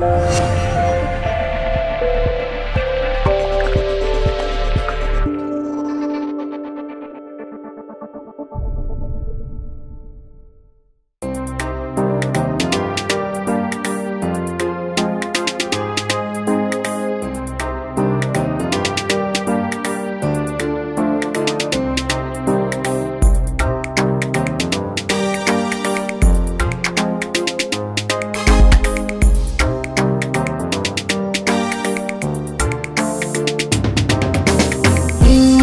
Música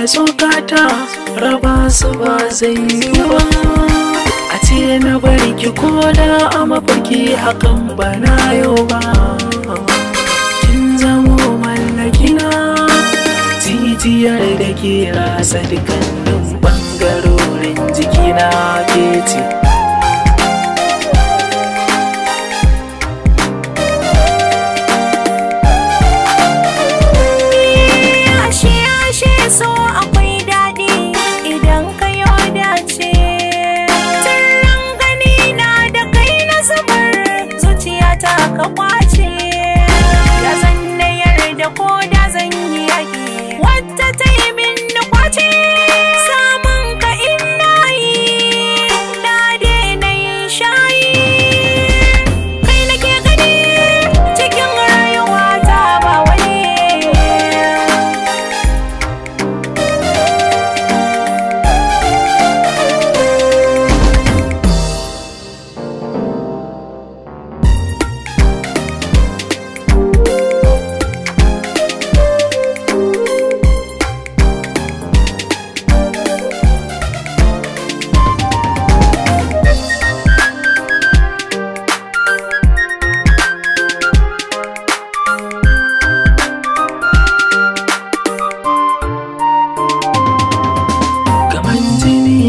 da tsokata raba su ba zai yi ba a ce na barki ko da a mafaki hakan ba na yau ba kin zamo mallakina titiyar da ke rasa dukkanin bangarorin jikina ke ce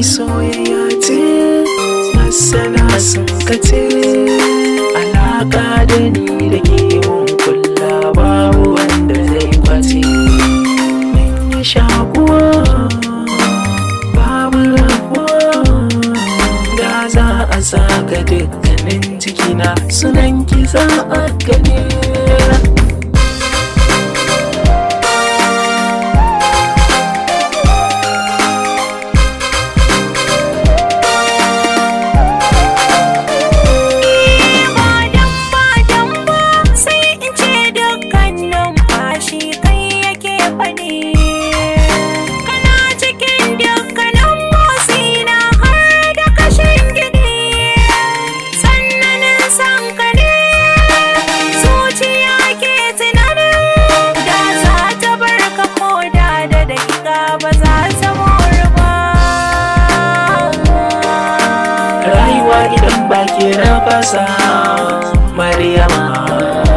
Ai soyayya ce, masana sun kace, alaƙa da ni da ke mun kulla babu wanda zai kwace. Mun shakuwa, babu rabuwa, ga za a zaga dukkanin jikina sunan ki za a gane. baki na fasa mama